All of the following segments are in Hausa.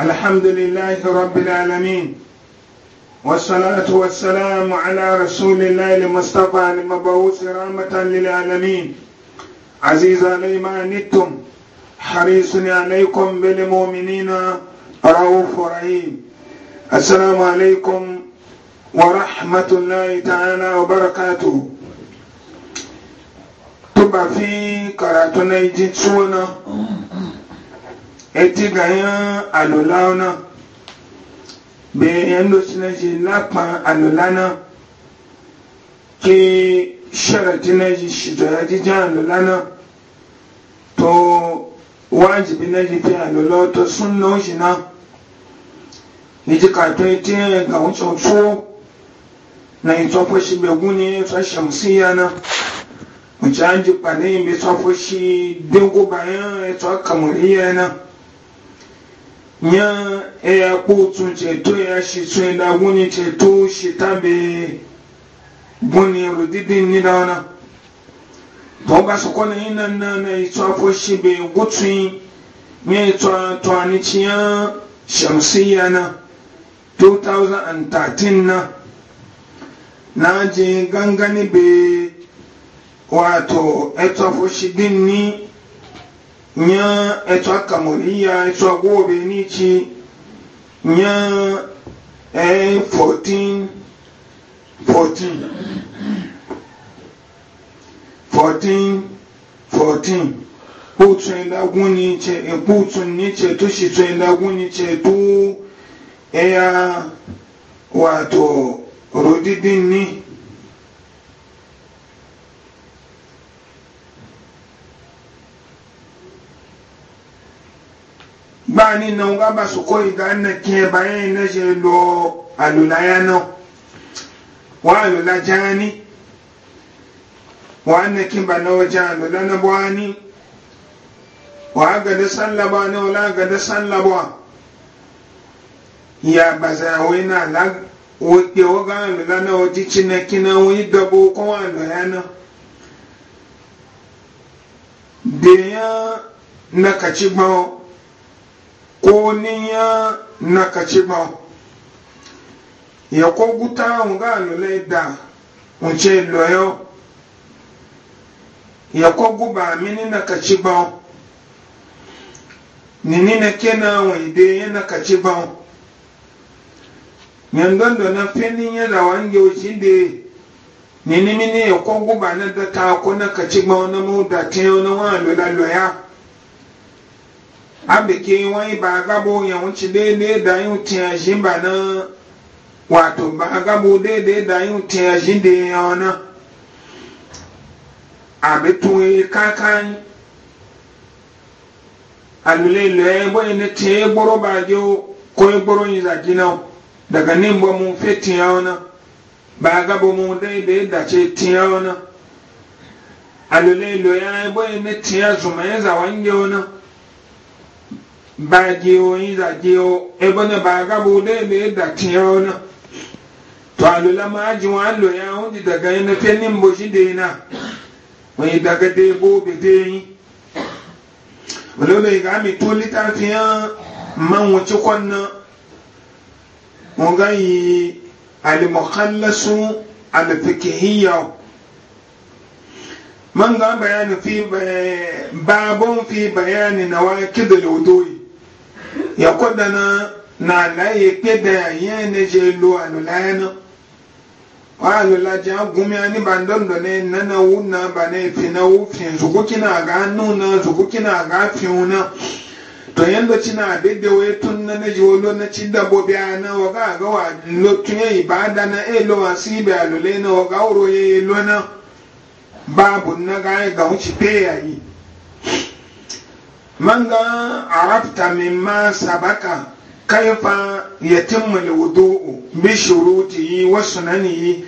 الحمد لله رب العالمين والصلاة والسلام على رسول الله المصطفى المبعوث رحمة للعالمين عزيز علي ما عنتم حريص عليكم بالمؤمنين رؤوف رحيم السلام عليكم ورحمة الله تعالى وبركاته تبع في قراتنا يجي eti ganyan alola ona bẹẹyẹn ló sinẹ ṣe lápọn alola náà kí ṣẹlẹtì náà ṣe ṣètòyà jíjẹ alola náà tó wájibi náà ṣe fi alola tó sún náà ṣe náà níjì kàtó etí ẹ̀yẹ gàwọn tó tó na ìtọ́pọ̀ ṣe gbẹ̀gún ní ẹ̀tọ́ ṣàmùsíyà náà ọjà ń jẹ pàdé ìbí tọ́pọ̀ ṣe dénkù bàyẹn ẹ̀tọ́ kàmùríyà náà. nya eya kpotun eya ya shi tun da wuni ceto shi ta be buni rudidin ni da wana to ga su kona ina na na ito afo shi be gutun nya ito to aniciya shamsiya na 2013 na na je gangani bee wato ito afo shi din ni nye etsɔ kamoniya etsɔ gobe nitsi nye e fourteen fourteen fourteen fourteen kpótsu ɛdagun nitsi ekpótsu eh, nitsi tusitsu ɛdagun nitsi tu eya wato rodidi bani na nga ba su koyi ga na ke bayan e na je lo alula ya no wa alula jani wa na kin ba na wajen alula na bwani wa ga da ba na wala ga da ba ya ba za wai na la o wote woga alula na wajen cinaki na wani dabo kuma alula ya no de ya na ka kaci gbawo ko niya na kaci ba ya ko guta nga nule da nce loyo ya ko guba mini na kaci ba nini na kena wide ya na kaci ba nyandondo na feni ya da wange ushinde nini mini ya ko guba na da ta ko na kaci na mu da te na wa lula loya abeke wani ba gabo yawanci daidai da yin tiyashin ba na wato ba gabo daidai da yin tiyashin da ya wani abitun kakan alulelo ya bai na te ya gboro ba je ko ya gboro yin zaki na daga nin ba mun fe tiya wani ba gabo mun daidai da ce tiya wani alulelo ya bai na tiya zuma ya zawange wani baajiwo yizajiwo ebona baagabuuda ebe edatiyawo na twalula maaji walo yawo ndi daga ne ina feni mboshi dena wani daga de bo debo yi. wani bai ga mi to litafiya man wace kwanna mun ga yi al-mukhallasu al-fiqhiyya man ga bayani fi eh, babun fi bayani nawakid al-wudu'i yakwada na na alaye pe ya yin ne je lo alulaya na wa alula je agumi ani bandondo ne na na wu na ba na fi na wu fi zugu kina ga nu na zugu kina ga fi na to yanda cina abebe we tun na na ji wolo na ci dabo biya na wa ga ga wa lo tun ye ibada na e lo si bi alule na wa ga uro ye lo na babu na ga ga wuce pe yi. manga arabta mimma sabaka kaifa yatimmu alwudu'u bi shurutihi wa sunanihi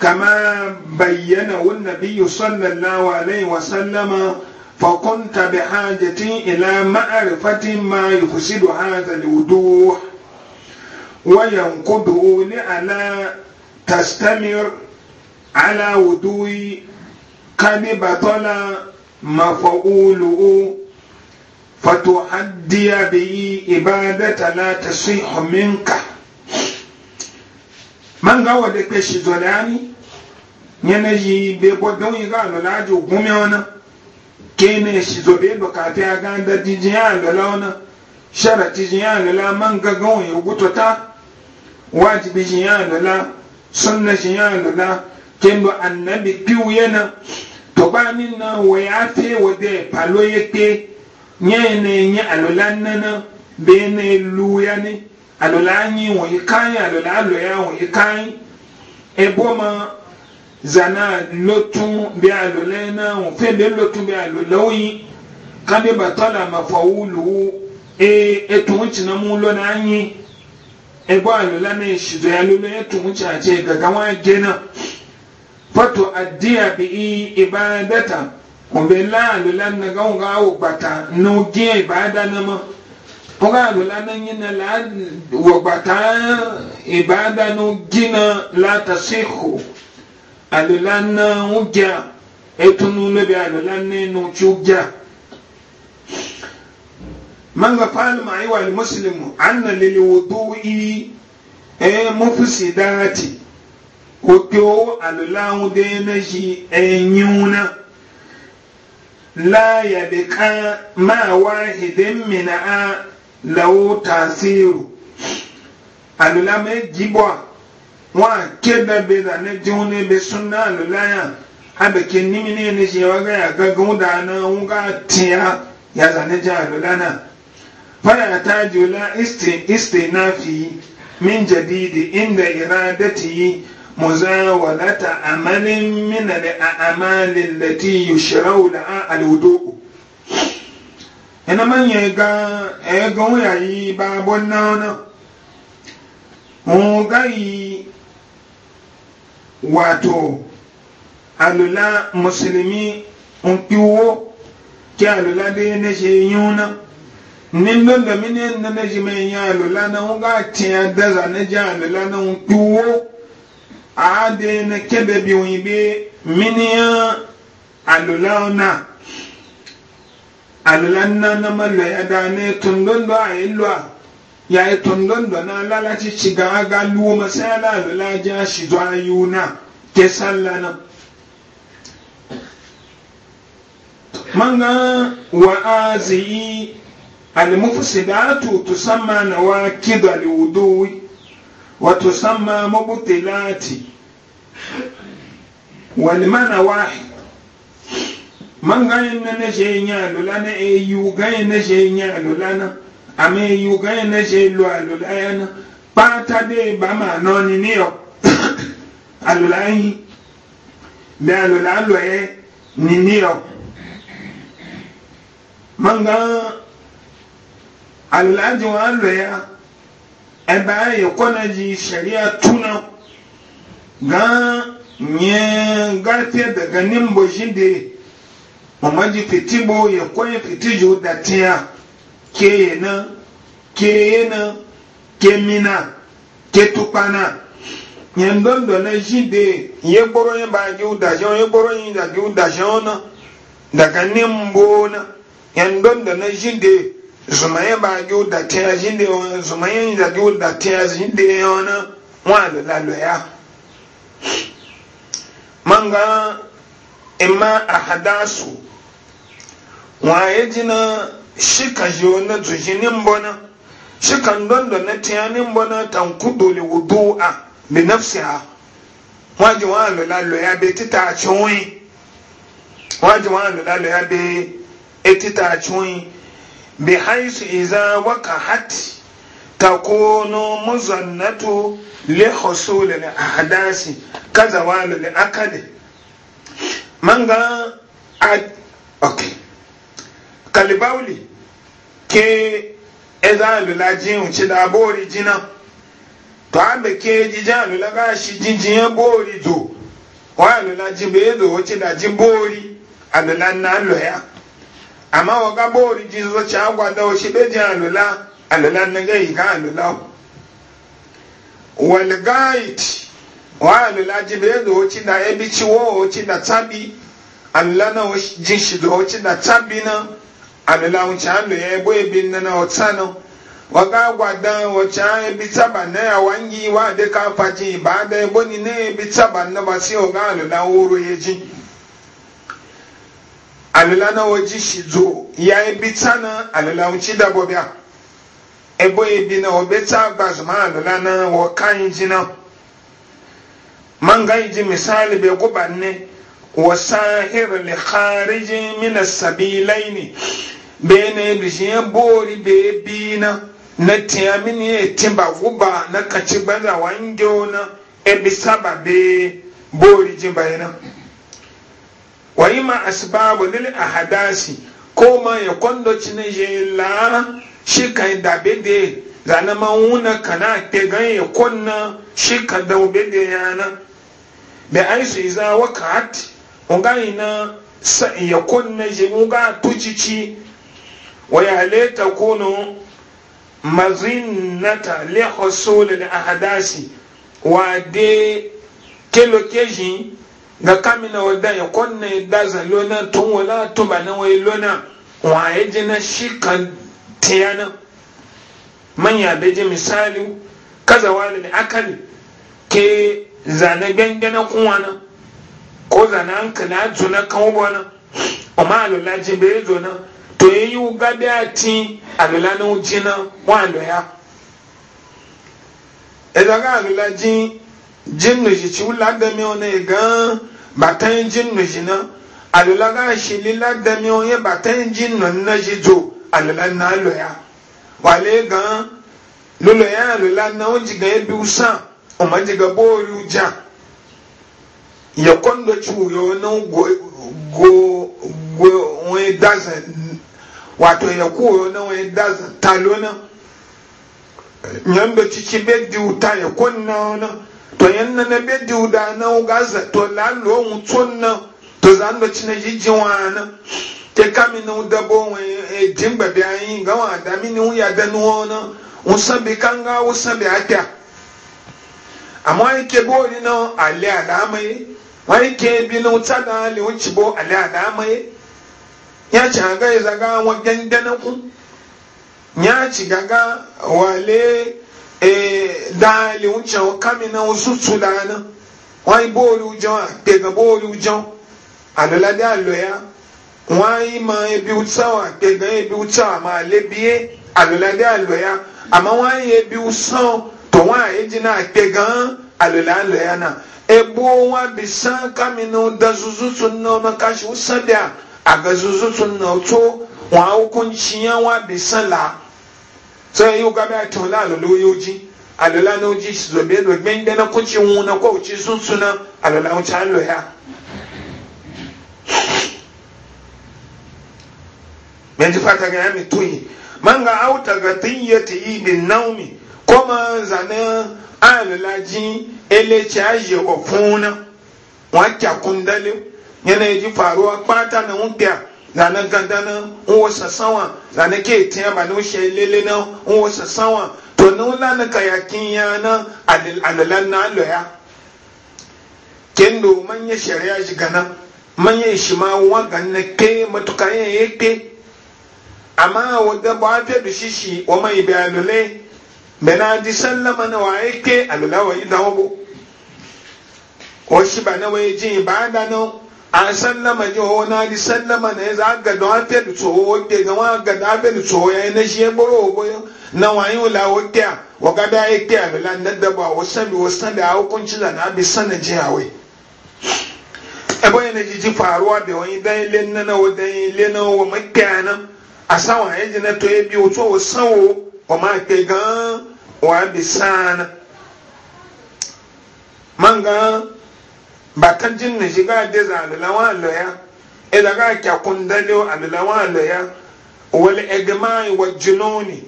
كما بينه النبي صلى الله عليه وسلم فكنت بحاجة إلى معرفة ما يفسد هذا الوضوح وينقضه لألا تستمر على وضوء قد بطل مفعوله فتؤدي به عبادة لا تصيح منك من قوى لك شزولاني ينجي ببودون يقال لاجو قميونا كينا شزوبي بكاتي أغاندا تجيان لونا شرع تجيان لا من قوى يقوتوتا واجب جيان لا sunna jiyanu na kendo annabi piu yana to ba min na waya fe wade palo yake nye ne nye alola nana bee ne lu ya ne alola anyi wòye kan alola alo ya wòye kan ebo ma zana lotu bi alola e, na wòfe be lotu bi alola woyi kabe batala wu lu ee etu ŋutsu na mu lo na anyi ebo alola na esizo ya lolo etu ŋutsu ati gaga wa gye na foto adi abi ta. obe la alola naga wo ga wo gbata na o gé ìbáda na ma ga na na la wo gbata ìbáda e na o gé na la ta se ko alola na o gya etunu lobi alola wa na o tí o gya. من قال ما أيها المسلم أن للوضوء مفسدات وكو la yabqa ma wahidin min a law tasiru alula me jibwa wa keda be da ne jone be sunna alula ya abe ke nimi ne ne je waga ya ga gunda na unga tiya ya zane ja alula na fara ta jula isti istinafi min jadidi inda iradatihi مزاولة عمل من الأعمال التي يشرع لها الوضوء ina man ya ga ega ya yi babon nana mu gai wato alula musulmi un piwo ke alula de ya na shi yuna nin don da mini ne ne shi mai ya alula na un ga tiya daza na je alula na un piwo ade na kebe bi wọn be miniya alulana na na mala ya tundondo a yi ya tundondo na lalaci ci ga ga luwo masala alola ja shi zuwa ke salla na manga wa azi'i almufsidatu tusamma nawakid alwudu wa tusamma mubtilati والمنى واحد man gayin na na she nya lula na e yu na she nya lula na ame yu gayin na she lu alula ya na pata de ba ma no ni ni yo alula yi de alula alu e ni ni yo man alula ji wa alu ya e ba yi kona ji sharia tuna ga nye garfe da ganin boshin da mamaji fiti bo ya koyi fiti jo da tiya ke yana ke yana ke mina ke tukpana yan don don na shi de ye gboro ye ba ji uda shi ye gboro ye da ji uda shi ona daga nimbo na yan don don na shi de zuma ye ba ji uda tiya shi de zuma ye da ji uda tiya shi de ona wa da manga ima ahadasu waye jina shika jiyo na zuhinin bona shikan dondo na tiyanin bona tankudu li wudu'a bi ha waji wa lola ya be tita chuyi waji wa lola ya be etita chuyi bi haisu iza waka hati takunu muzannatu li husul al ahdasi kaza wal al akad manga ad okay kalbauli ke ezalu la jin ci da bori jina to ambe ke jijalu la ga shi jinjin bori do walu la jin be do ci da jin bori alulan na lo ya amma waga bori jin zo ci agwa da shi be jin alula alala nanga yi ga alala wal gaidi, wa alala jibe do ci da e bi ci wo ci tabi alala na jin shi do ci da tabi na alala un ci allo e bo e bin na o tsano wa ga gwadan o taba na ya wangi wa de ka faji ba da e bo ni ne e bi taba na ba si o ga alala woro ye alala na o ji shi do ya e bi alala un ci ebo ebi na obetsa agbazuma alola na wɔ kan gyina misali bɛ ko ne wɔ sahir le khariji mina sabilaini bɛɛ na ebisiyɛ boori bɛɛ na na tia mini timba guba na kakyi gbaza wangewo na ebisa ba bɛɛ boori gyi ba na wɔyi ma asibaabo lili ahadasi ko ma yɛ kɔndɔ kyi na shi dabe da ya zane ma wuna kana te ganye konna shi kan da ya yana be ai su iza wakat ungai na sa ya konna mu unga tucici wa ya le takunu mazinnata li husul ahdasi wa de kelo keji ga kamina wadda ya ya da lona tun wala tuba na wai lona wa ya jina shi tiyana manya beje misali kaza wani ne akali ke zane gangana kuwana ko zane hankali a juna kan wana ma alola ji bere zona to yi yi bi a ti alola na uji na wando ya idan e ga alola ji jin nushi ci wula gami wani gan batan jin nushi na alola ga shi lila gami onye batan jin nushi zo. alala na lɔya wale gan lɔlɔya alala na tsitsi bɛ ta na tɔnyɛ nana bɛ da na gaza tɔ la lɔ ŋutsu na tsi na yi dzi na. te kami ni dabo e jingba bi ayi nga wa dami ni ya da nu ona usan bi kanga usan bi ata amma yi ke bo ni no ale adama yi wani ke bi na no tada le unchi bo ale adama yi ya ci hanga ya e zaga wa gandana ku ya ci gaga wale e da le unchi o kami na usutu dana wani bo ri ujo a te ga bo ri ujo alala da aloya wọ́n ma ebi wútsá wọn àgbẹ̀gàn ebi wútsá wọn ma alẹ́ bíyé àlùládé àlùyá wọ́n yẹ ebi wútsá wọn tó wọ́n àyè jìnnà àgbẹ̀gàn àlùlá ya na ebu wọn bi sàn kàmínú da zuzu tún nà ọmọ zuzu sọ yìí wọ́n gábẹ́ àti wọn lálọ́ na yóò nwụ na náà ó jí zòbí ẹ̀ ya. yanzu fata ga yami tuyi man ga auta ga tiyyati bin naumi kuma zane alalaji eleci aje ofuna wakya kundale yana yaji faruwa kpata na wupya zane gandana na sasawa zane ke tiya ba nushe lele na nwo sasawa to nula na kayakin yana alalan na ya kendo manya shari'a shi gana manya shi ma wa ganna ke matukaye yake amma wadda ba ta da shishi wa mai bayanule bana ji sallama na wa yake alula wa idan hobo ko shi ba na waye jin ba da nan a sallama ji ho na ji sallama na za ga don ta da tsoho wadda ga wa ga da ta da tsoho yayin na shi ya wa hobo na wa yin la wadda wa ga da yake alula na da ba wa sabi wa sabi a hukunci da na bi sanin jihawai ebe yana ji faruwa da wani dan ile na na wa dan ile na wa makka nan asawo ayɛgye na tɔ ebi wotu a wosan wo ɔmo akpɛ gan wɔabi saana manga bata gyin na shi gaa de za alila wa aloya ɛda gaa kya kundale alila wa aloya wɔle ɛgɛmaa wɔ gyinoni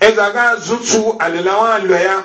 ɛda gaa zutu alila wa aloya.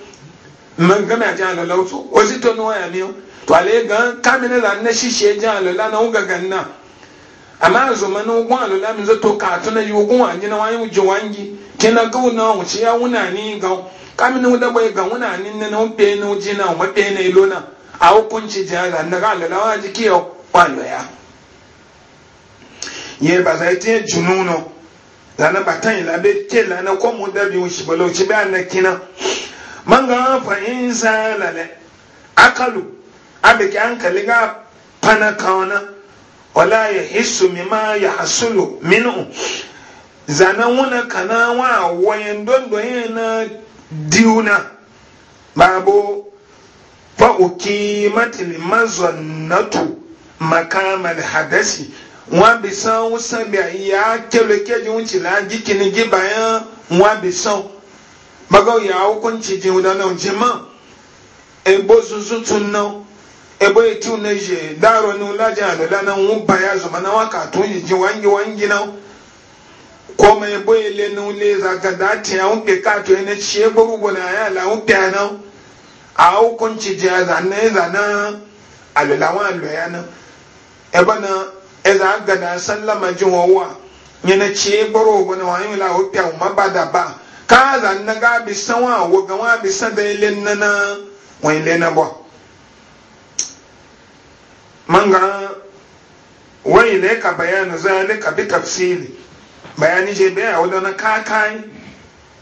mangana jan alola wutu ozi to ya miyo to ale gan na la na shishe alụla alola na wuga ganna amma zoma na wugun alola mi zo to katu na yi wugun wanyi na wanyi wuji wangi kina gawu na wuce ya wuna ni gawu kamini wuda bai ga na wupe na wuji na wupe na ilo na a hukunci jan na alola wa ji kiyo wa ya ye ba zai te jununo zana ya ila be lana dabi man ga fa'in zalale akalu abike hankali ga pana kauna wala ya hisu mima ya hasulu minu zana wuna kana wa wayan dondon na diuna babu fa ukimatil mazannatu makamal hadasi wa bisan wusa bi ya keleke jun ci la gikini gibayan wa bisan bagau ya hukunci jin da nan jima ebo zuzu tun nan ebo ya tiw na je daro ni ulaje alula nan wu baya zuma na waka tun yi ji wangi wangi nan koma ebo ya le na ule zaka da ti ya hunke kato ya na ci ebo rubo na ya la hunke ya nan a hukunci ji ya zana ya zana alula wa alula nan ebo na ya za gada sallama jin wawa yana na ci ebo rubo na wa yi la hunke a ma ba da ba kaza na ga bi san wa wo ga wa bi san da ile nana wa ile na bo manga wa ile ka bayanu za ne ka bi tafsiri bayani je be awo na kakai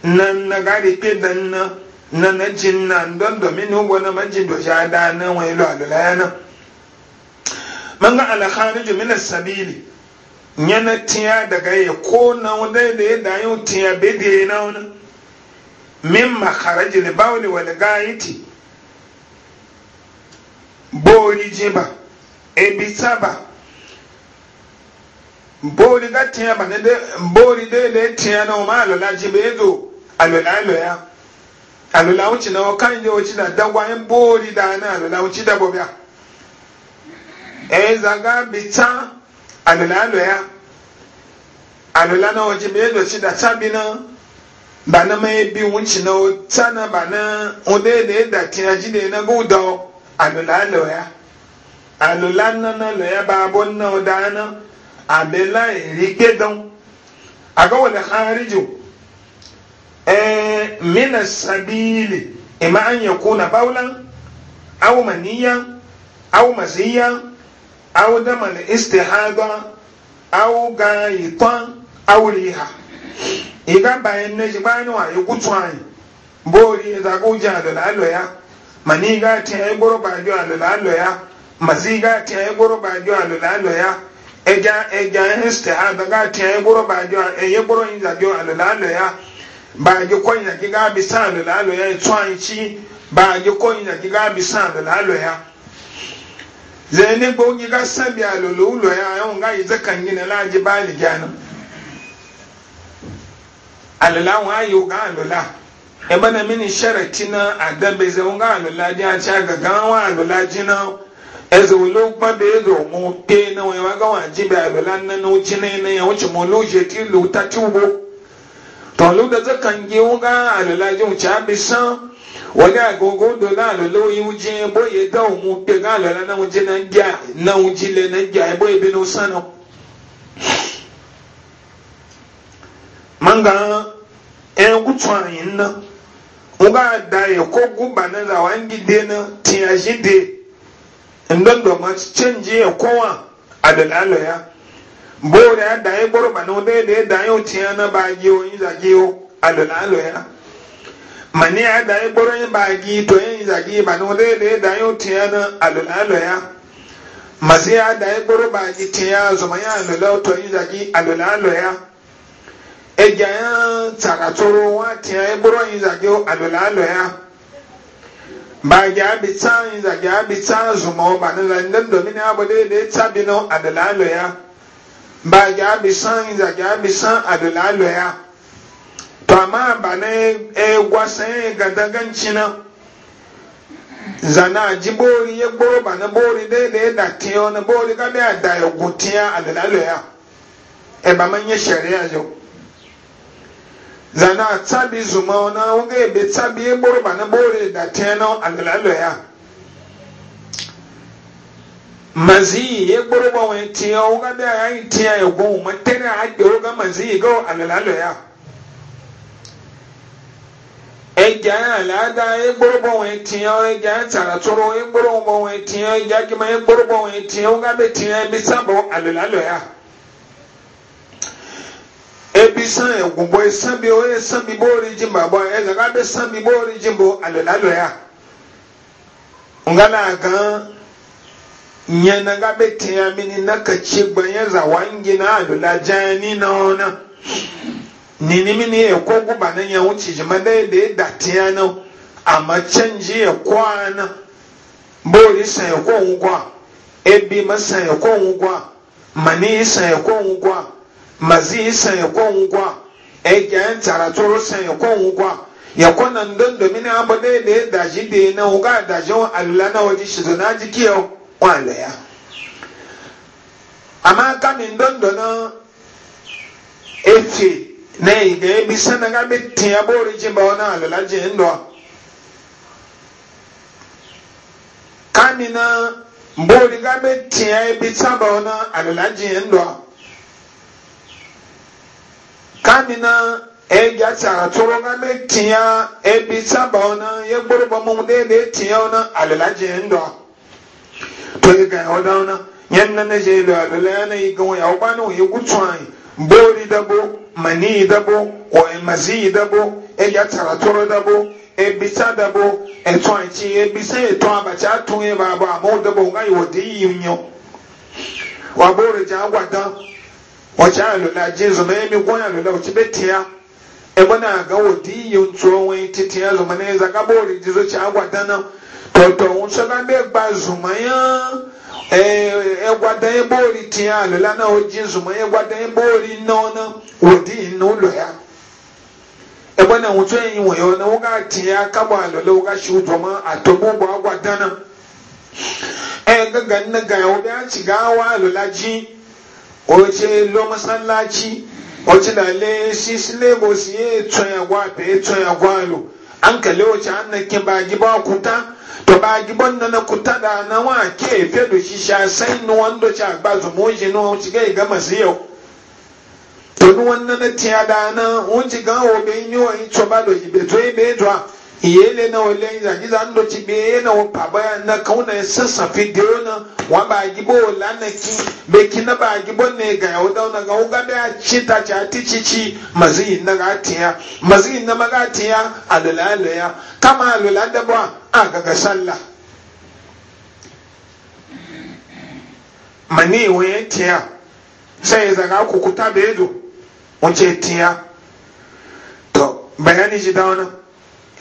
nan na ga ri pe dan na na na jin na don do no wo ma jin do sha da na wa ile alu la na manga al kharij min as sabili nyana tiya daga ye ko na wanda da ya da yau tiya be de na wannan min makarajil bawli wal gaiti boori jiba ebi saba bori ga tiɲɛ ba ne de boori de le tiɲɛ na o ma alola jibe e do alola aloya alola o ti na o kan ye o ti dagwa ye boori da na alola o ti dabɔ bia ezaga bi tan alola aloya alola na o jibe e do ti da tabi na. bana mai bi wunci na tsana bana ode da ya da tina ji da na guda alula loya alula nana na loya e ba abun na oda na abela rike don aga wani harijo eh mina sabili ima an ya kuna baulan aw maniya aw maziya aw awụ istihada aw gayitan aw riha iga bayan na shi wa ya kutu ayi bori ya zaga uji a lalalo ya mani ga ta ya goro ba biyu a lalalo ya masi ga ta ya goro ba biyu a lalalo ya eja eja ya histe a da ga ta ya goro ba biyu a ya goro yin zaga a lalalo ya ba ji konya ki ga bi sa lalalo ya tsu ayi ci ba ji konya ki ga bi sa lalalo ya zai ne gbogi ga sabi a lalalo ya yawon ga yi zakan gina laji ba ni gyanin alala wa ga alala e bana mini sharati na adabe ze ga alala di a cha ga ga wa alala jina eze wolo pa be do mu pe na we wa ga wa ji be alala na no chine na ya wuce mo lo je lo ta tubo to lo da zakan ge wo ga alala ji mu cha be san wa ga gogo do la lo lo ye da mu pe ga alala na mu ji na ja na mu ji le na ja bo e be nga en gutsuwan yin na muga da ya ko guba na da wangi de na tiya de ndon do ma canje ya kowa a da laloya bore ya da ya boro ba no de de da ya tiya na ba gi o yin za gi o a da mani ya da ya boro yin ba gi to yin za gi ba no de de da ya tiya na a da laloya masu ya da ya boro ba gi tiya zuma ya lolo to yin za gi a da egya ya taratoro wa tia eboro yin zage alola alo ya ba ga abita yin zage abita zuma ba na landan domin ne bade da ya tabi no alola alo ya ba ga abisa yin zage abisa alola alo ya to amma ba na egwa sai ga danganci na zana ji bori ya gboro ba na bori de da ya datiyo na bori ka da ya gutiya alola alo ya e ba man ya shari'a zana tsabi zuma ona wonga ebe tsabi egboro bana bore da teno agalalo ya mazi egboro ba wen ti o da ya ti ya go ma tere a de o ga mazi go agalalo ya eja alada egboro ba wen ti o eja tara toro egboro ba wen ti o eja ki ma egboro ba wen ti o ga be ti ya e bi sabo agalalo ya ebi san egunbo esan bi oye san bi boori jimba bɔ egaga be san bi boori e jimbo alolalo ya ngala gan nyanaga be tia mini na kace gbanye za wangi na alola jani na ona nini mini eko guba na ya wuce jima da ya da tia na amma canji ya e kwana boori san ya e kwa ebi ma san ya a mani san ya a. mazi sanya kwangwa egyan ntara toro sanya kwangwa ya kwanan don domin abu ne da ya de na ya nan ga daji wa alula na waje shi zana jiki ya kwale ya amma kamin don na efi na iga ya bi sana ga bi tiya bori ji ba wani alula ji ndo kamina bori ga bi tiya ya bi saba wani alula ji ndo kami na egya tsara tsoro nga me tia ebi saba na ye gboro ba mu de de tia na alela je ndo to ye ga oda na yan na ne je do alela na yi gon ya oba na ye gutwan bori dabo mani dabo o e mazi dabo egya tsara tsoro dabo ebi sa dabo eto anchi ebi sa eto abacha tun ye ba ba mo dabo nga yo de yi nyo wa bori ja agwadan wacce e, e alu e, ji je zuma ya mi goya alu na aga betiya e bana ga wodi yin tsohon za ka bori ji na gba zuma ya e gwa bori ti na o ji ya gwa da e na na wodi na ya e bana un na ka shi utoma atobu agwa dana e na ga o da ci ga oche lo masallaci oche da le shi syllabus ye tsoya gwa pe tsoya gwa lo an kale oche an na ke ba kuta to ba bon na na kuta da na wa ke fe do shi sha sai no wando cha ba zo mo je no ga ga masiyo to no wannan na tiada da na o ci ga o be nyo yi to ba do ibe to ibe iyele na wale yi zagi za ndo ci na wa ya na kauna ya sassa fidiyo na wa ba gibo wala na ki be na ba gibo ne ga ya wada na ga ugabe a ya ci ta ci ati ci mazi na gati tiya mazi na magati ya tiya alula alula kama alula da aga a mani wa ya tiya sai ya zaga kukuta da ido wace tiya to bayani ji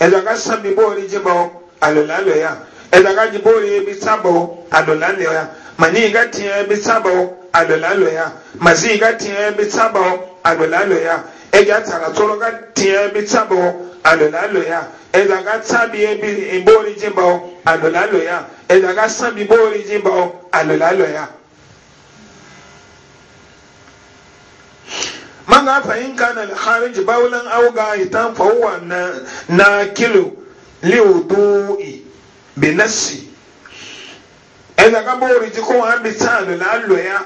ɛdaka sami bɔɔli gye bɔ alola lɔya ɛdaka gye bɔɔli bi sa bɔ alola lɔya mani ka teɛ bi sa bɔ alola lɔya masi ka teɛ bi sa bɔ alola ya. ɛdaka tara tɔlɔ ka teɛ bi sa bɔ alola lɔya ɛdaka sabi bi bɔɔli gye bɔ alola lɔya ɛdaka sami bɔɔli gye bɔ alola lɔya. mana fahim kana alharij bawlan aw gaitan fa huwa na nakilu liwdu'i bi nafsi ina e ga bori ji ko an bi tsalo na alloya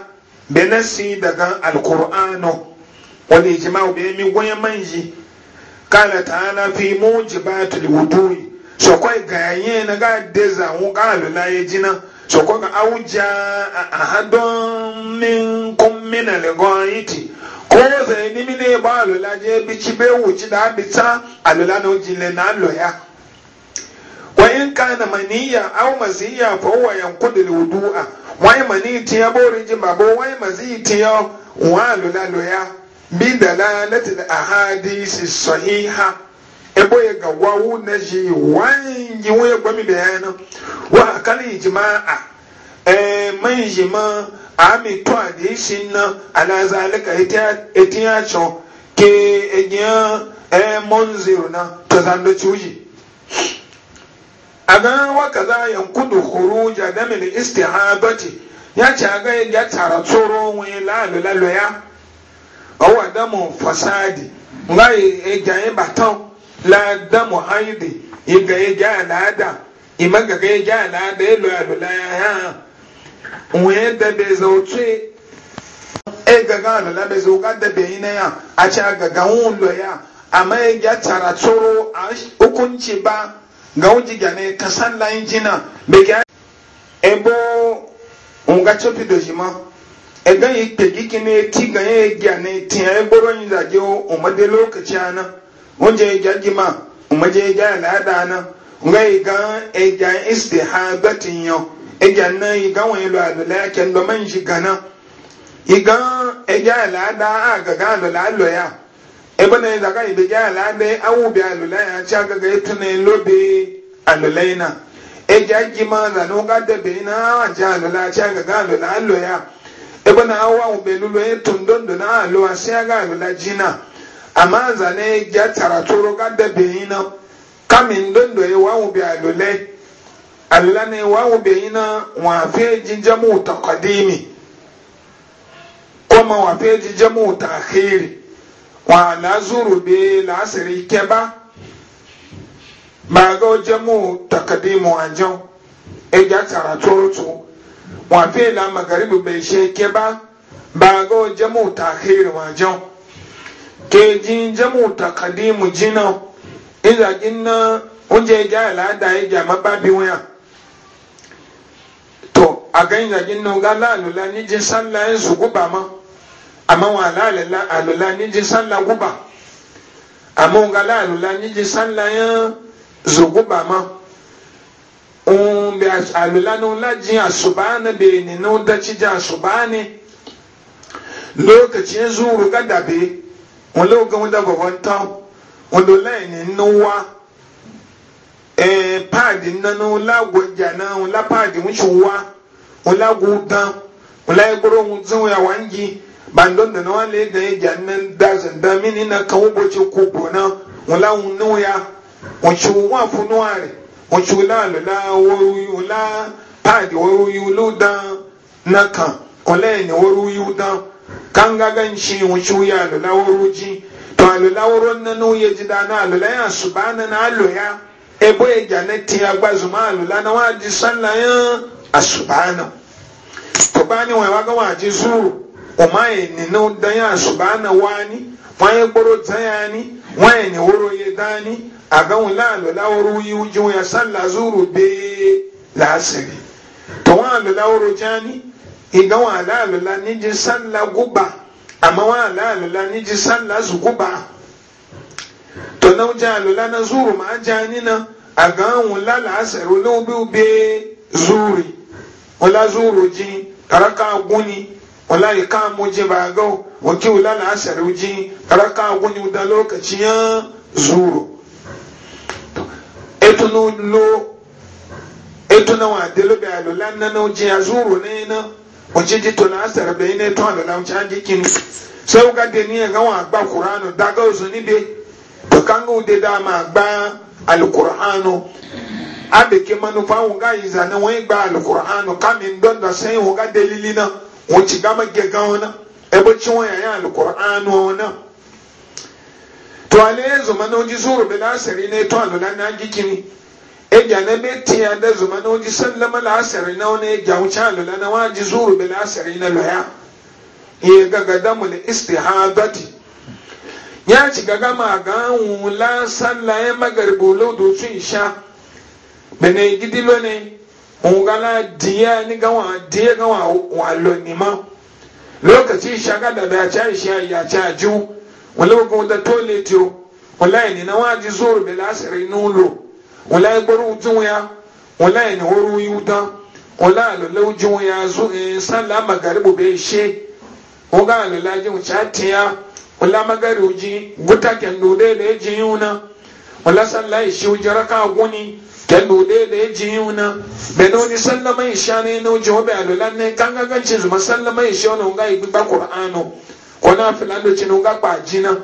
bi nafsi daga alqur'ano wal ijma'u bi mi goyen manji kana ta'ala fi mujibatul wudu'i so ko gayen na ga deza wu kalu na yejina so ko ga awja ahadun minkum min al ko zai nimi ne ba alola je bici be wuci da bita alola na ya ojile na aloya wa in kana maniya aw masiya fa huwa yanqudu alwudu'a wa mani tiya bori ji babo wa mazi tiya wa alola loya bi dalalati alahadith sahiha ebo ya ga wawu na ji wangi wo ya gwami bayana wa akali ijma'a eh man ijma'a ami to adishi na eti a eti a cho ke egiya eh monzir na to zando chuji aga wa kaza yankudu khuruja ha istihabati ya ci aga ya tara tsoro onwe lalu lalu ya owa damu fasadi nga ejaye batan la damu haidi iga eja alada imaga ga eja alada elu alula ya ha wee dabe zauce e gaga da labe zo ga dabe yi na ya a ci a gaga wulo e ya amma ya tara tsoro a hukunci ba ga wuji e ga ne ka san layin jina be ga ebo nga chopi dojima e ga yi ke giki ne ti ga ya e gya ne ti ya boro lokaci ana wunje ya gya gima o maje ya gya ana nga yi ga e gya istihabatin ejan na yi ga wani lo alola ya ken lo man gana igan eja alada a gaga alola alo ya ebe na daga ibe ja alada awu bi alola ya ci agaga etu na elobe bi alola ina eja ji ma za no ga da bi na aja alola ci agaga alola alo ya ebe e na awa awu be lulu etu ndondo na alo a si aga alola jina na za ne ja tara toro ga da na kamin ndondo ya e wawu bi alola ya allah ne wa wo bɛ yina wa fɛ jinjamu ta kadimi kɔma wa fɛ jinjamu ta akhiri wa lazuru bɛ lasiri kɛba baaga jamu ta kadimu anjɔ ɛgya e tara toroto wa fɛ la magaribi bɛ hyɛ kɛba baaga jamu ta akhiri wa jɔ ke jinjamu ta kadimu jina ɛgya jina oúnjẹ ìjà ẹ̀ láàdá ìjà e má bá bí wọn yà aganya ginna ga lalula ni je sallah yin su guba ma amma wa lalula alula ni je sallah guba amma ga lalula ni je sallah yin su guba ma un bi alula nun la jin asubana be ni no da ci ja asubane lokacin zuru ga dabe wọn lé ogun da gbọgbọn tán wọn lò lẹyìn nínú wa eh paadi nínú lágbèjà náà lápáàdì ń ṣe wá. wula guta wula ya kuro wutsin ya wangi bandon da na wale da ya jannan dazin da mini na kawo boce kubo na wula wunu ya wuce wa funuware wuce wula lula wuri wula padi wuri wulu da na ka wula ne wuri wulu da kan gagan shi wuce wuya lula wuri ji to alula wuri nan ya ji da na alula ya su ba na na aluya ebo ya jannan gbazu gbazuma alula na wa ji sallah yan asubana tobani wai waga waji zuru umaye ni na danya asubana wani waye gboro tayani waye ni woro ye dani aga wula lola woro yi uji ya salla zuru be lasiri to wa lola woro jani iga wa la lola ni ji salla guba amma wa la lola ni ji salla zu guba to uja lola na zuru maajani na aga wula lasiri lo bi be zuri wala zuru ji karaka guni wala ika muji bago waki wala na asharu ji karaka guni da lokaci yaa zuru etunu lo etuna wa delo be alola nana ji ya zuru na oje ji to na asharu be ne to alola oje ji kinu sai uga de ni ga wa gba qur'anu daga ozo ni be to kanu de da ma gba alqur'anu abeke manufa wunga yiza na wani gba alkur'anu kamin don da sai wunga dalili na wuci gama gega wana ebe ci wani ya alkur'anu wana to ale ya zuma na oji zuru bi lasari ne to alula na gikini eja na beti ya da zuma na oji sallama lasari na wani eja wuce alula na waji zuru bi lasari na loya iya gaga damu da istihadati ya ci gaga ma ga wula sallaye magaribu lodo sun sha bene gidi lone ungana diya ni ga wa diya ga wa wa ma lokaci shaga da da cha shi ya cha ju wala ko da toilet yo wala ni na waji zuwa bil asri nulo wala gboru ju ya wala ni horu yuta wala lo lo ju ya zu e, sala magaribu be she o ga lo la ju cha wala magaribu ji guta ken do de de ji yuna wala sallah shi wujara ka guni kendo da de jiyu na beno ni sallama ishani no jobe alulan ne kanga ga chizu masallama ishona nga igba qur'ano kona filando chinu nga pa jina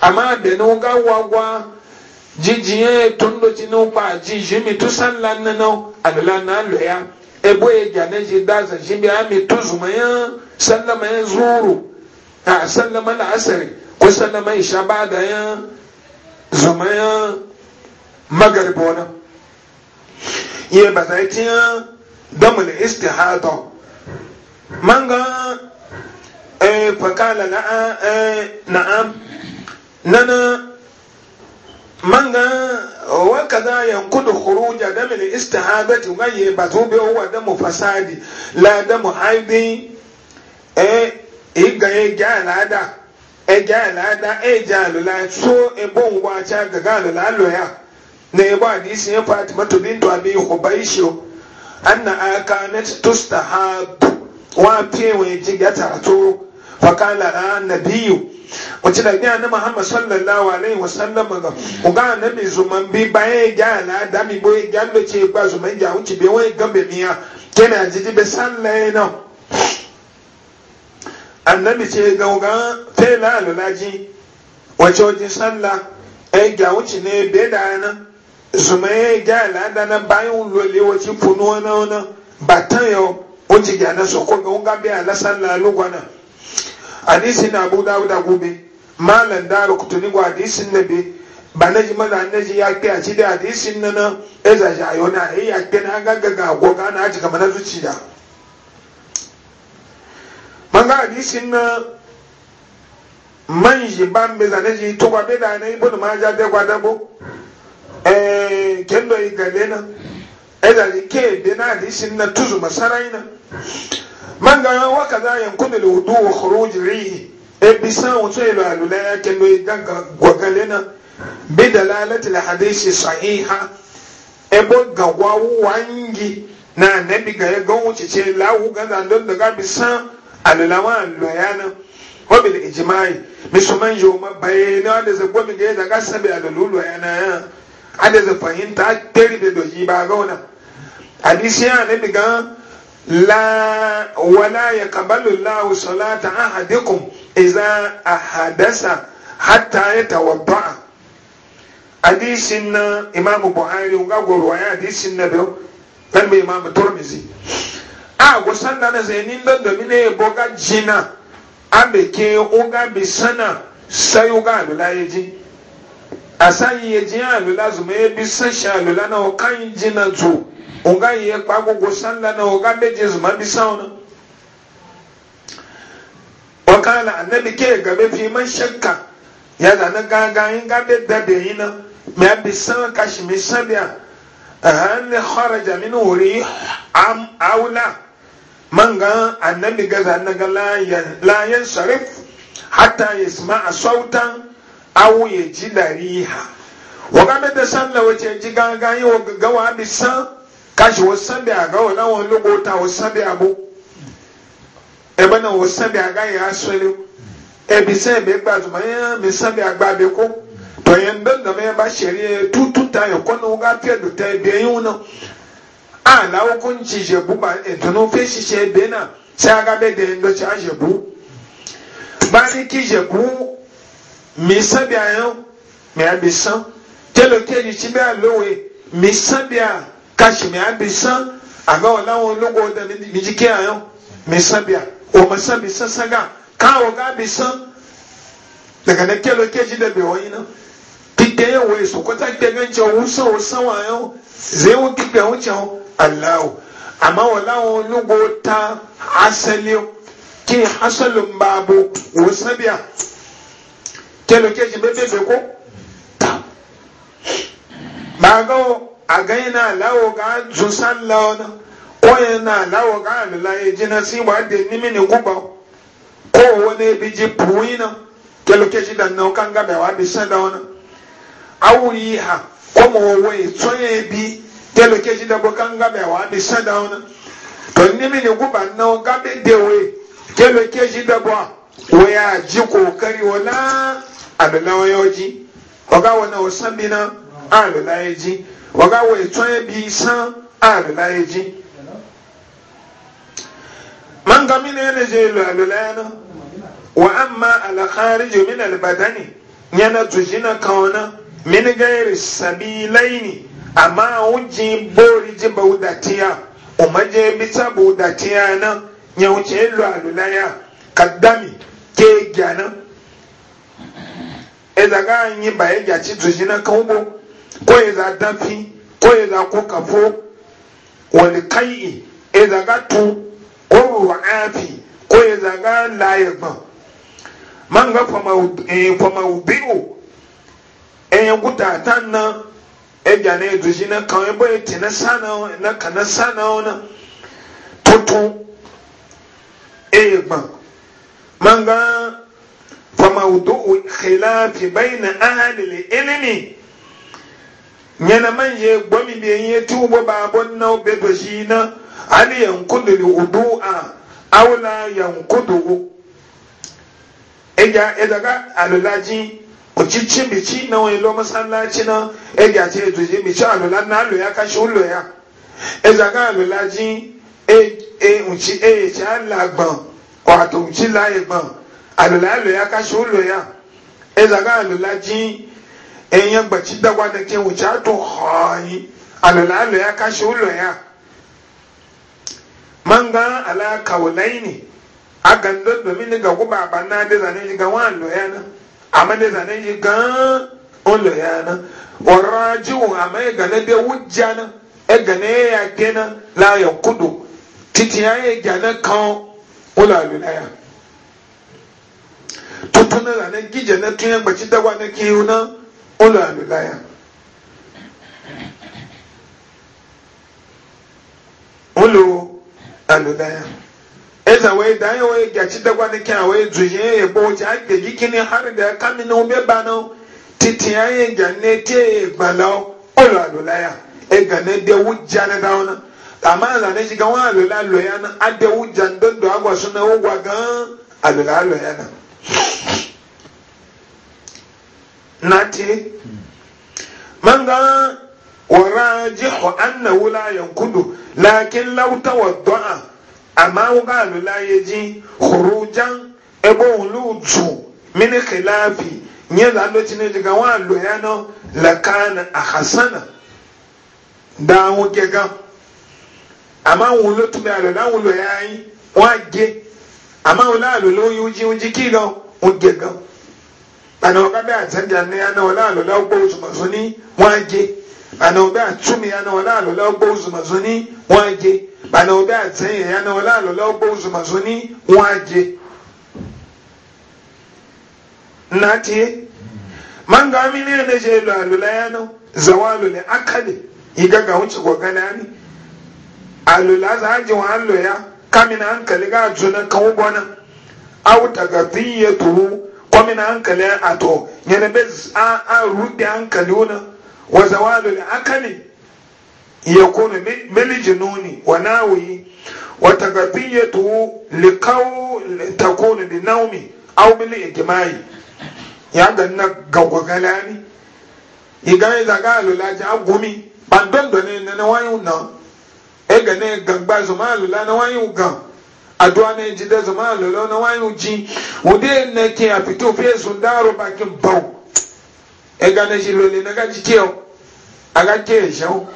amma beno nga wagwa jijiye tondo chinu pa jiji mi tu sallan na no alulan na loya ebo e jane ji daza jibi ami tu zuma zumaya sallama ya zuru a sallama la asiri ko sallama isha ba da ya zumaya magariba wani iya ba sai tiya damul istihada manga eh fakala na e, na'am nana manga wa kaza yankudu khuruja damul istihadati wa yi ba to be wa damu fasadi la damu haidi eh igaye ga al'ada ẹja àlàáda ẹja àlùlá tó ẹbọ ngwa acha gaga àlùlá àlọ ya na ẹbọ àdìsí yẹn pa àtìmọ́tò bí ntọ́ àbí ìkọ̀bá ìṣó ana aka net tosta ha bu wọn apẹ wọn ẹjẹ gata àtó fakala a nabiyu wace da ni annabi Muhammad sallallahu alaihi wasallam ga uga annabi zuman bi ba ga na da mi bo ga lo ce ba zuman ja wuce be wai gabe miya kena jiji be sallai na annabi ce gauga fela alulaji wace wajen salla ya gya wuce ne ebe da yana zuma ya gya alada na bayan lole wace funu wani wani batan yau wace gya na soko ga wunga bai ala sallah lugwana hadisi na abu dawuda gube malam daru kutuni gwa hadisin na bi ba na ji maza na ya ke a ci da na na ya zaji a yau na ya ke na gaggaga goga na aji kamar na zuciya manga hadisin na eh, man ji ban be zane ji to gwa be da ne ibo ma ja de gwa da bo eh kendo i gale na e da ji ke be na hadisin na tuzu masarai na manga wa kaza yankun al wudu wa khuruj rihi e bi san wo sai la lu la kendo i ganga gwa gale na bi dalalati al hadisi sahiha e bo gwa wangi na nabi ga ga wuce ce lawu ga zan don daga bi san alalawa alwayana wabil ijimai musulman yau ma bayani wanda zai da ya daga sabi alalulu yana ya ada zai fahimta teri da doji ba ga wani hadisi ya nabi la wala ya kabalu lahu salata ahadikum idza ahadasa hatta ya tawadda'a hadisin na imamu buhari ga gwarwaya hadisin na biyu kan mai imamu turmizi a gusanda na zainin don domin ne jina a beke uga bi sana sai uga alula ya ji a san ya ji alula zuma ya bi sashi alula na kan jina zu uga iye kpago san na uga beje zuma bi sauna na anabi ke gabe fi man shakka ya zana gagayin gabe da yi na mai bi san kashi mai sabiya أهل خرج منه ريح أم أو awula. man ga annabi ga zanna ga la yan sharif hatta yasma sautan aw yaji dariha wa ga da sanna wace ji ga ga yi wa ga wa bi san kashi wasan da ga wa na wani lugota san da abu e bana san da ga ya asali e bi san be gba zuma ya mi san da gba be ko to yan dan da me ba shari'a tututa ya kono ga fiye da ta biyu na a na hukunci jebu ba etunu eh, feshi ce bena sai aga be da yando ci a jebu ba ni ki jebu mi sabi yau, mi abi san telo keji ci bi alowe mi sabi a kashi mi abi san ga wala won lugo da mi ji ke ayan mi sabi a o ma sabi sasaga kawo ga bi san daga ne telo keji da be wani na kike yawo su kwata kike gancewa wusan wusan wayan zai wuce wuce allahu amma wala lugo ta asali ke hasalin babu wasabiya ke location bebe ko ta ba ga a ga yana lawo ga zusan na ko yana lawo ga alula ya ji na si wa da nimi ne guba ko wani bi ji na ke location da naukan gaba wa bi sadawana yi ha kuma wawai tsoye bi telo keji da kanga gabe wa bi na. to nimi ne guba na gabe dewe telo keji da bo ya ji ko kari kokari wala a wayoji oga wana osambina abela yaji oga wa etwen bi na a san abela yaji man ga mine ne je lo abela na. wa amma al kharij min al badani yana tujina kawana min layi sabilaini amma wujin bori jin ba wuda tiya umaje bita ba wuda na ya wuce yin lwalula ya kaddami ke gyana eza ga anyi ba ya gyaci tuji na kango ko eza dafi ko eza ko kafo wani kai'i eza ga tu ko ruwa afi ko eza ga layagban man ga fama ubiru eyan eh, eh, guta tan nan ɛgya ne eduzi na kan ebo eti ne sa na ho na ka ne sa na ho na toto eye gba manga famawudu xilaafi bayna ahalili ilimi enemi, man ye gbomi bi enye ti wo baabo na wo be dozi na ali yankudu ni wudu a awula yankudu wo ɛgya ɛdaga alolaji. ucicin bici na wani lo masallaci na e gyace ya tuji bici alula na alụ ya kacha ụlọ ya e zaga alula ji e uci e ya ci ala gban wato uci laye gban alula alụ ya kacha ụlọ ya e zaga alula ji e yan gbaci dagwa da ke wuce ato hayi alula alo ya kashi ulo ya man ga ala kawulai ne a gandun domin ga guba ba na da zane ga wani alo ya na amma da zane yi gan olo ya na ora jiwu amma ya gane da wujja na ya gane ya na la ya kudu titi ya ya gane kan olo alula ya tutu na zane gije na tun ya gbaci dawa na kiyu na olo alula ya olo alula ya eza wee daa ya wee gachi dagwa ne kya wee zuye ya bo ja ke gikini har da ka mi no be ba no titi ya ye ga ne te bala olo alola ya e ga ne de wujja ne da ona ama na ne shi ga wa alola lo ya na ade wujja ndondo agwa suna na wo gwa gan alola lo ya na na ga nati manga warajihu annahu la yankudu lakin law tawadda'a ama wuga lula ya ji hurujan ebo wulutu mini khilafi nye za loci ne jiga wa lo ya no lakana a hasana da an wuke ga amma wulutu mai alola wulo ya yi wa ge amma wula alola yi uji uji ki ga wuge ga ana waka bai a canja ne ya na wula alola ko su masu ni wa ge bana obe atumi ya na ọ na wala alola ogbo uzumazoni waje bana obe atanye ya na ọ na wala alola ogbo uzumazoni waje na tie manga amini ne je lo alola ya no zawalu le akale igaga wuce gwagana anyị. alola za haji wa alụ ya kamina hankali ga ka na kan ubona au tagatiyatu kwamina hankali ato yana bez a rubi hankali wuna وزوال العقل يكون بالجنون وناوي وتغطيته لقول تكون بالنوم أو بالإجماع yanda na gagwagala ni igai zaga alula ji agumi bandon da ne na wayu na ega ne gagba zuma alula na wayu gan aduwa ne ji da zuma alula na wayu ji wude ke a fito fiye sun daro bakin bau ega na shi lole na ga yau a ga ke shau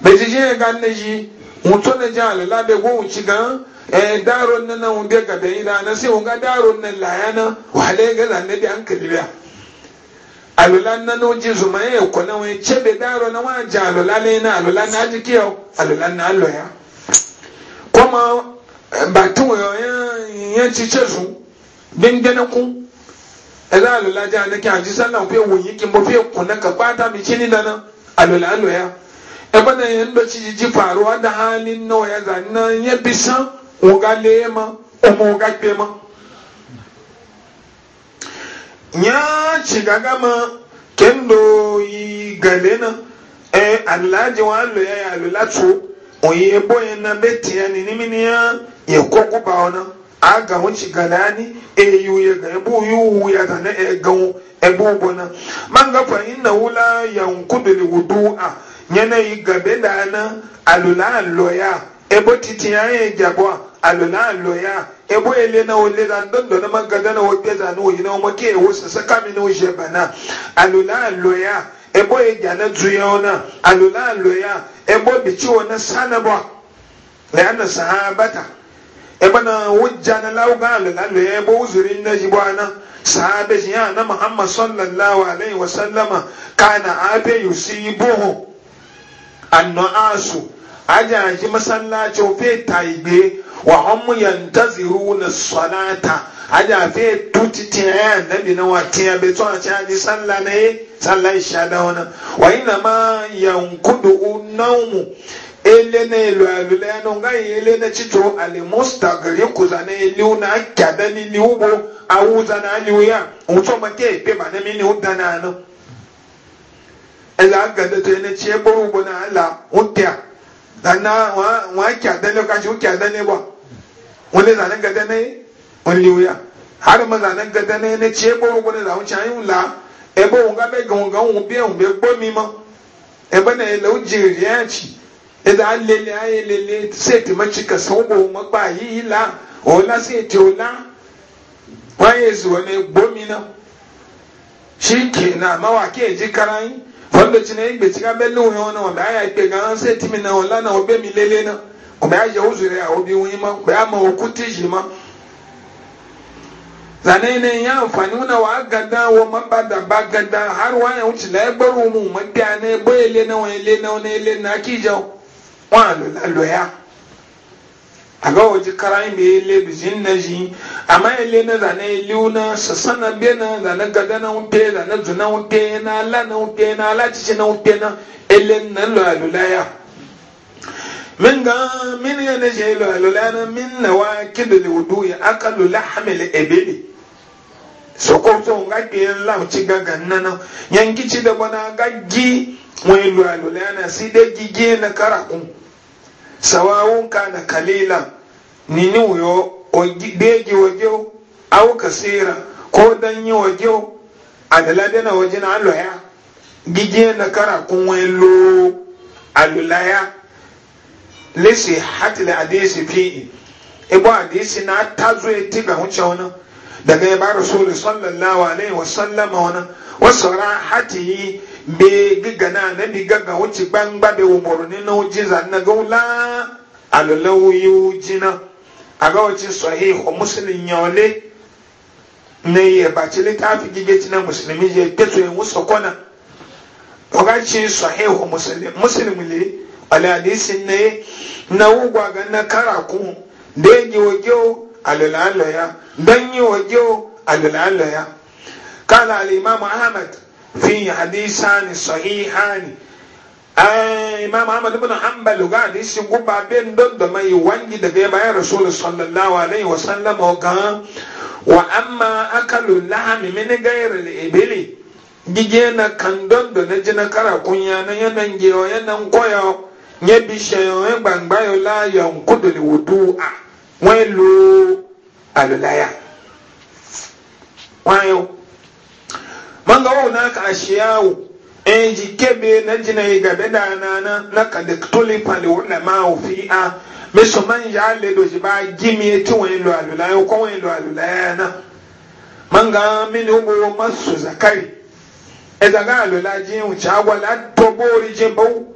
bai ji je ga na shi mutum na jan alala bai go wuci ga eh daro na na wun bai ga bai da na sai wun ga daro na layana wale ga zanne bi an kalibiya alala na no ji zuma ya ko na wai ce bai daro na wa ja alala ne na alala na yau alala na alloya kuma batun yoyan yan ci ce su bin gana kun ɛna alola gya ne kɛ na obi wɔ yiki mbɔ fi kun na kakpa ata mi kyi ni nana alola alo ya ɛbɛ na yɛn dɔ kyigyi faaro ada ha ni na ɔyɛ za na nyɛ bisa wɔga lee ma ɔmo wɔga gbe ma nyaa kyi gaga ma kendo yi gale na ɛɛ e, alola agye wɔn alo ya yɛ alola to ɔyɛ ebo yɛn na bɛ tia ne nia yɛ kɔkɔ ba ɔna aga wuce ganani e yuye ga ebu eh, yuwu ya ga na eh, e gawo ebu bona man ga fa inna wula yankudu li wudu'a yana yi gabe da na alula aloya, ebo titi ya ye jabo alula aloya, ebo ele na ole da ndondo na magada na wote za no yina mo ke wo sasa kami no je bana alula aloya, ebo e jana zuya ona alula aloya, ebo bichi ona sana ba la'anna sahabata ebana wujja na lauga lalalo ya bo uzurin na jibwana sahabe shi ya na muhammad sallallahu alaihi wa sallama kana abe yusibuhu asu. aja ji masallacin fe taigbe wa hum yantaziruna salata aja fe tutiti ya nabi na wati ya beto a caji sallah ne sallah isha da wannan wa inna ma yankudu naumu ele na elu alula ya no ngai ele na chicho ale mustagri kuza na eliu na kada ni liubo awuza na aliu ya uto make pe ba na mi ni udana no ela gada to ne che boru bo na ala utia dana wa wa kada ne ka shu kada ne bo wani zanen gada ne wani liu ya har ma zanen gada ne ne che boru bo na zaun chayu la ebe unga be gonga un be un be gbomi mo ebe na ele ujiri ya chi ida alele aye e seti machika sobo magba yi ila ola seti ola waye zuwa na gbomina shi ke na mawa ke ji karayi wanda ci na igbe cika belle wuyi wani wanda aya ikpe ga an seti mi na ola na obe mi lele na obe ya yawu ya ma ma ma zane ya amfani wuna wa gada wa mabada ba gada har wuce ya gbaru mu magana ya boye na wani ele na na wàllu la lɔya a bɛ o ji karan bɛ yi le bi zin na zi a ma yi le na zane liw na sasa na bɛ na zane gada na wute zane zu na wute na ala na wute na ala titi na wute na ele na lɔalu la ya min gan min yɛ zi zɛ lɔalu la na min na wa kele le wudu aka a ka lula hamele ebe de sokoto nga kpee la o ti gaga nana nyɛ nkitsi de na a ka gi mo yi lɔalu la na si de gigi na kara sawawun kana kalilan nini wuyo deji wajo au kasira ko danyi wajo adala dana waje na aloya gijiye na kara kunwe lo alulaya lesi hatila adesi fi ibo adesi na tazo eti ga hunce wani daga ya ba rasulun sallallahu alaihi wasallama wani wasu ra yi be giga na bi gaga wuce gbangba da umaru ni na wuce za na gaula alulawu yi wuce na a ga wuce sahihu musulun yawale ne ya baci littafi gige na musulmi ya keto ya wusa kwana ga ci sahihu musulmi ne alhadisin ne na wugwa ga na karaku da ya yi wajewo alulaloya don yi wajewo Kala kana al'imamu ahmad fi hadisani sahihani eh, imam ahmad ibn hanbal ga hadisin guba ben don da mai wangi da bai bayan rasul sallallahu alaihi wa sallam ga wa amma akalu lahmi min ghayr al ibli gige na kan don da na jina kara kunya na yanan gewa yanan koyo nye bishe yo a welu alulaya Manga ga wau na ka ashiyawo en ji kebe na jina yi gabe da na na na ka da tuli pali wala ma o fi a me so man ya le do ji ba gimi e ti wani lo alula yo ko wani lo alula ya na man ga min ugo masu zakari e daga alula ji un chagwa la to bori je bau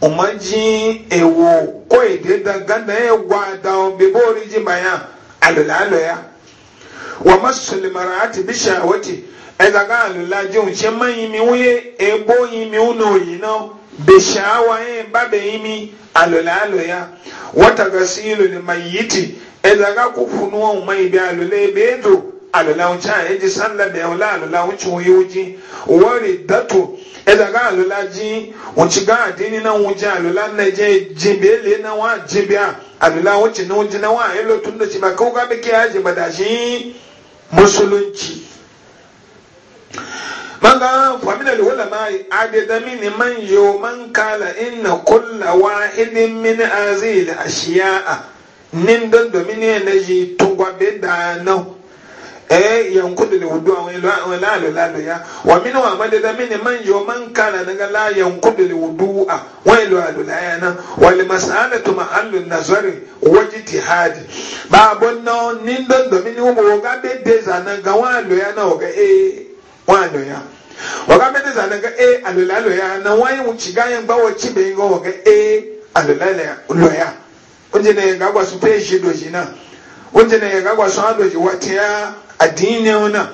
umma ji ewo ko ide da ganda e gwa da o be bori ji baya alula lo ya wa masu limarati bi shawati ɛza ka eh, alola jo nkyɛn ma yi mi wo ye ebo yi mi wo na oyi na beshawa ye ba mi alola aloya wɔta ka si yi lori ma ti ɛza ka kuku nu wɔn ma yi bi alola ebe edo alola nkyɛn a yɛgye sanla bɛn wola alola nkyɛn wo ye wo gyi wɔre dato ɛza ka alola gyi nkyi ka adini na wo gyi alola na gyi gyi bi ele na wa gyi bi a alola wo gyi na wo gyi manga faminal ulama adedami ni man yo man kala inna kulla wahidin min azil nin don na ji tungwa be da nau eh yankudu wudu ya wa min wa man yo man kala daga la wudu a wani lalo la ya wal mas'alatu nazari wajtihadi babon nau nin don domin wo ga be de ga ya na ga eh wọn àlòyà wọ́n abẹ́tẹ̀ sàn nìkan e àlòlá lòyà na wọ́n yẹn tìgá yẹn gbáwọ́ tì bẹ́ẹ̀ yẹn wọ́n kẹ́ ee àlòlá lòyà ó jẹ́ nìyẹn gbàgbọ́ sùn péye ṣe dòjì náà ó jẹ́ nìyẹn gbàgbọ́ sùn àdòjì wọ́n ti yá àdínní náà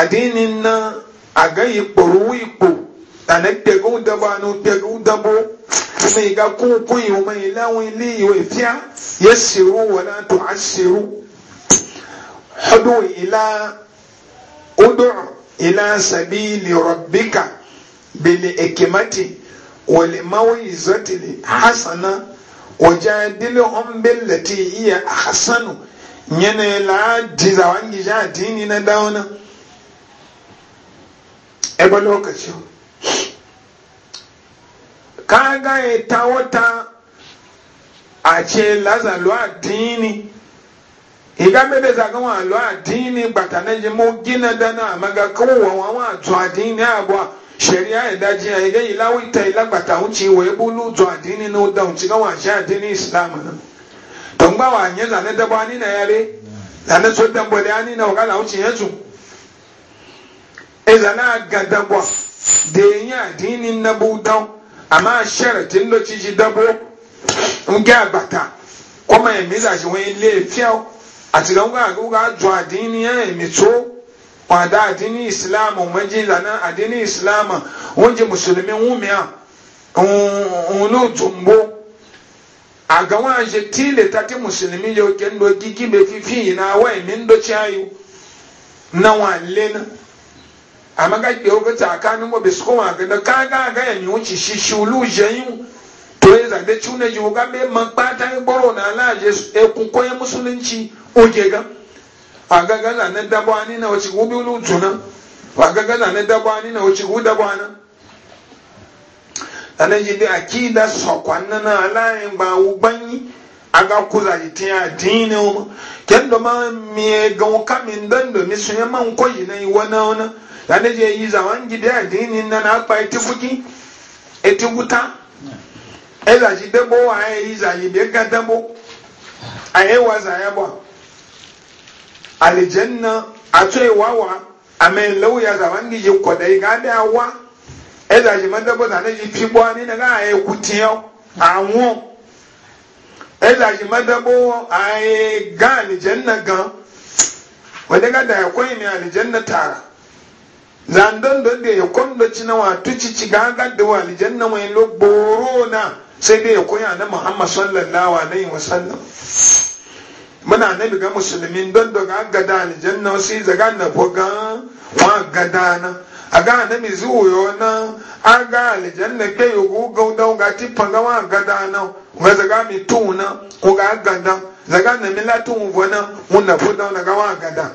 àdínní náà àgá yìí kpòrò wú ìkpò àná kpẹ̀gẹ́ wú dẹ́bọ̀ àná kpẹ̀gẹ́ wú dẹ́bọ̀ ọmọ yìí ká kún kún yìí ọmọ yìí láwọn ilé yìí wọ́n fíà yẹ ṣerú wọ́n náà tó a ṣerú ọdún ìlà ọdún. ila sabili rabbika bil ikmati wal mawizati hasana wajadilhum billati hiya ahsanu nyene la jiza wangi ja dini na dauna eba lokaci kaga ta wata a ce lazalwa dini iga bebe zaga wa lo adini gbata na je mo gina dana amaga kowa wa wa to adini abwa sheria ya daji ya iga ila wita ila gbata uchi we bulu to adini no da uchi ga wa sha adini islam na to ngba wa nye za ne dabo ani na yare za ne so dambo le ani na oga la uchi yesu e za na na bu da ama sharatin dabo nga gbata kuma emiza shi wani ati ga wuga wuga jo adini ya emitso wada adini islam wonji lana adini islam wonji musulmi wumia ono jumbo aga wanje tile tati musulmi yo kendo gigi be fifi na wa min do chayu na wa lena amaga ke o ga tsakanin mo bisko ma ga ka ga ga ya mi wuci shi shulu jayu toye zaɓe cune ji wuga ɓe man ɓata yi gboro na alaje ekun koye musulunci oge ga a gaga za ne na wace gubi ulu tuna a gaga za ne dabo ani na wace gubi dabo ana ana ji bi akida sokwan na na alayin mgbe awụ gbanyi ga kuza ji tiya dini o ken do ma mi ga wuka min dan do mi sun yi man koyi na yi wana wana ana ji yi zawan gidi na na akpa etifu etifuki etiguta eza ji debo aye iza yi be ka debo aye wa za ya bo alijanna ato e wa wa amen lawu ya za wangi ji ko dai ga da wa eza ji man debo za ne ji fi bo ni na ga aye kutiyo awon eza ji man debo aye ga alijanna gan wanda ga da ya yi mi alijanna tara zandon don da ya wa cinawa tuci ci gagar a walijan na yi lo borona. na sai dai ya koya na muhammad sallallahu alaihi sallam muna nabi ga musulmin don daga gada wasu sai zaga na boga wa gada na aga na mi zuwo na aga aljanna ke yugo gauda ga tipa ga wa gada na wa zaga mai tuna ko ga gada zaga na mi latun na munna boda na ga wa gada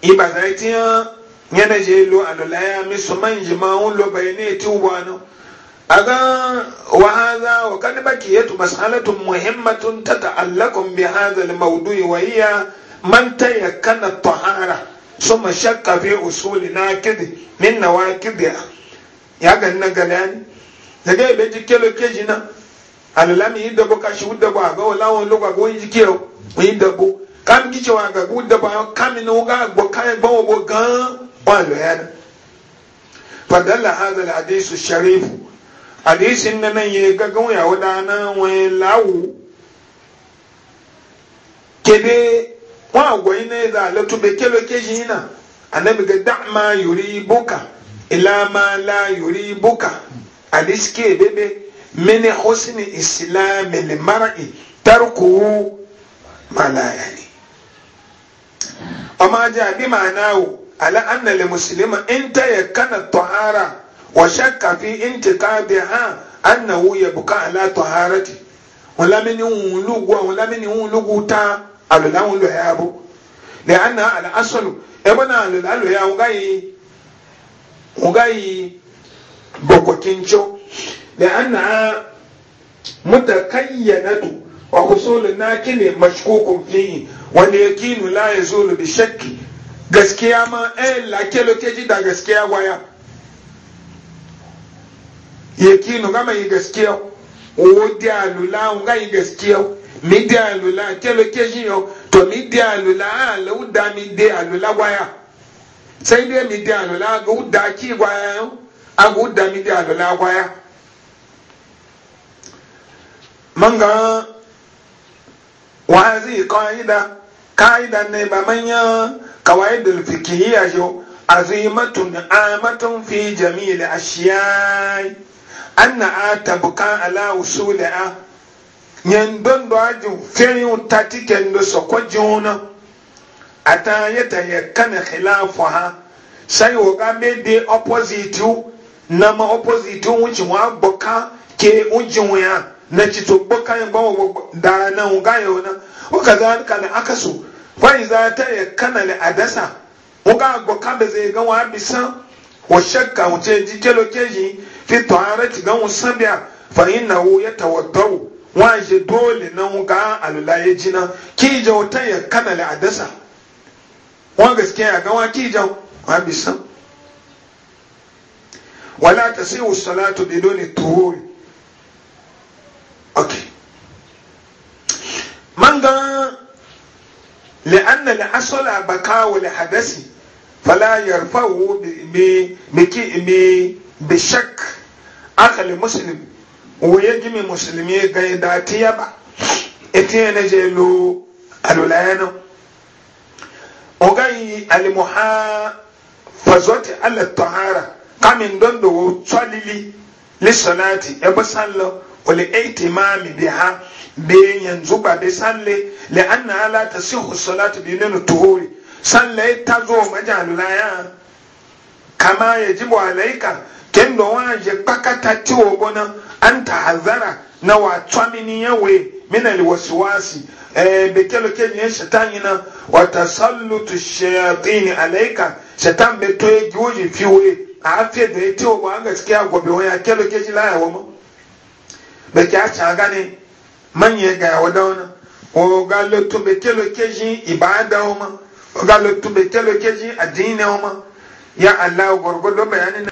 ibadaitin yana je lo alulaya misu man jima'un lo bayane tuwa no aga wa hadha wa kad bakiyatu mas'alatun muhimmatun tata'allaqu bi hadha al-mawdu'i wa hiya man tayakkana at-tahara summa shakka fi usuli nakid min nawakidiha ya ga na galan daga ibe jikelo kejina alalami idabo kashi udabo aga wala won lo ga go jikelo idabo kam kicho aga udabo kam ni ga gbo kai gbo gan wani bayana fadalla hadal hadisu sharifu hadisin na nan yi gaggawa ya wadana wani lawu kebe wọn agwai na ya ila alatu be kelo keji yana annabi ga da'ma yuri buka ila ma la yuri buka hadis ke bebe mini husni islami limar'i tarkuhu ma la yani amma ja bi ma'anawo ala anna li muslima in tayakkana tahara wa shakka fi intiqadiha annahu yabqa ala taharati wala min lugu wala min lugu ta alula wulu yabo la anna ala aslu ebana alula lu ya ugai ugai bokokincho la anna mutakayyanatu wa husul nakili mashkukun fihi wal yakinu la yazulu bi shakki gaskiya ma ɗayan eh, lake lokaci da gaskiya waya yakinu gama yi gaskiya owó di àlùlá nga yi gaskiya mi di alula kelo keji yọ to mi di alula àlẹ ó da mi di alula waya sẹyìn dẹ mi di alula aga ó da kí waya yọ aga ó da mi di alula waya. manga wàá zi ịda kaida ká ayida ní bàmá kawai da fikir yi a shi a zai matu da a matan fi jami da a shi ya yi an na a tabuƙa aláwusu da a yandun da aji ta tike da sokwa a ta yi ta yi kane khilafu ha sai yi waka mai dai opposite na ma opposite yi wuce buka ke wuce wuya na cito buka yi ba da dana wuga yi wuna wuka za a kala aka so fai za ta yi kanali a dasa muka agbo kada zai ga wa bisan wa shakka wuce ji kelo keji fi tawara ti ga wusan biya fa na hu ya tawaddaru wa je dole na muka alula ya jina ki je wata ya kanali a dasa wa gaskiya ga wa ki je wa bisan wala ta sai salatu bidoni tuhuri okay manga لأن الأصل بقاء الحدث فلا يرفعه بشك أخل مسلم ويجمي مسلمي قيداتي يبا اتين جيلو الولايان وقاي المحا فزوت على الطهارة قامن دوندو تصلي للصلاة يبسل ولإئتمام بها be yanzu ba be salle le anna alata tasihu salatu bi nan tuhuri salle ta zo majalula ya kama yajibu alaika kendo wa je pakata ti obona anta hazara na wa twamini yawe min alwaswasi eh be kelo kenye shetani na wa tasallutu shayatin alaika shetan be to ejoji fiwe afiye da ya ce wa ga gaskiya gobe wani akelo keji laya wa mu be kya cha gane manye ga yawo dauna o ga lo tumbe kelo keji ibada o ma o ga lo tumbe kelo keji adini o ma ya allah gorgodo bayani